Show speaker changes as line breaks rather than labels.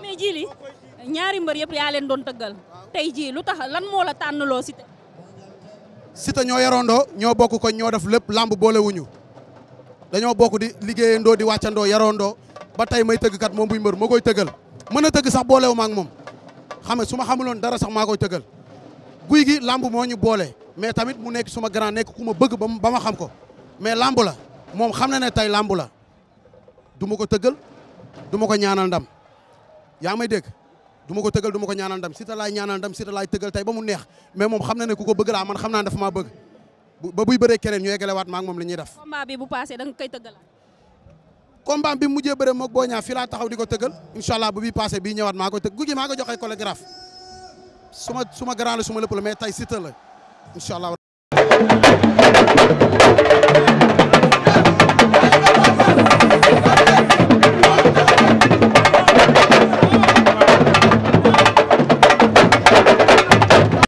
mais ji li ñaari mbër yëpp yaa leen doon tëggal tey jii lu tax lan moo la tànnaloo Siteu.
Siteu ñoo yarandoo ñoo bokk ko ñoo def lépp làmb boolewuñu dañoo bokk di liggéeyandoo di wàccandoo yarandoo ba tey may tëggkat moom buy mbër moo koy tëggal mën a tëgg sax boolewu ma ak moom xam nga su ma xamuloon dara sax maa koy tëggal guy gi làmb moo ñu boole. mais tamit mu nekk suma grand nekk ku ma bëgg ba ma xam ko mais làmb la moom xam na ne tey làmb la du ma ko tëggël du ma ko ñaanal ndam yaa may dégg du ma ko tëggal du ko ñaanal ndam si ta laay ñaanal ndam si ta laay tey ba mu neex mais moom xam na ne ku ko bëgg laa man xam naa ne ma bëgg ba buy bëree keneen ñu eggalewaat maa ngi moom li ñuy def.
combat bi bu passé da nga koy tëggal.
bi mu mujjee bëre moog boo ñaa fi laa taxaw di ko tëggal incha allah bu bii passé bii ñëwaat maa ko tëgg gu gi maa ko jox ay chorégraphe su ma su ma su ma lépp la mais tey si ta incha allah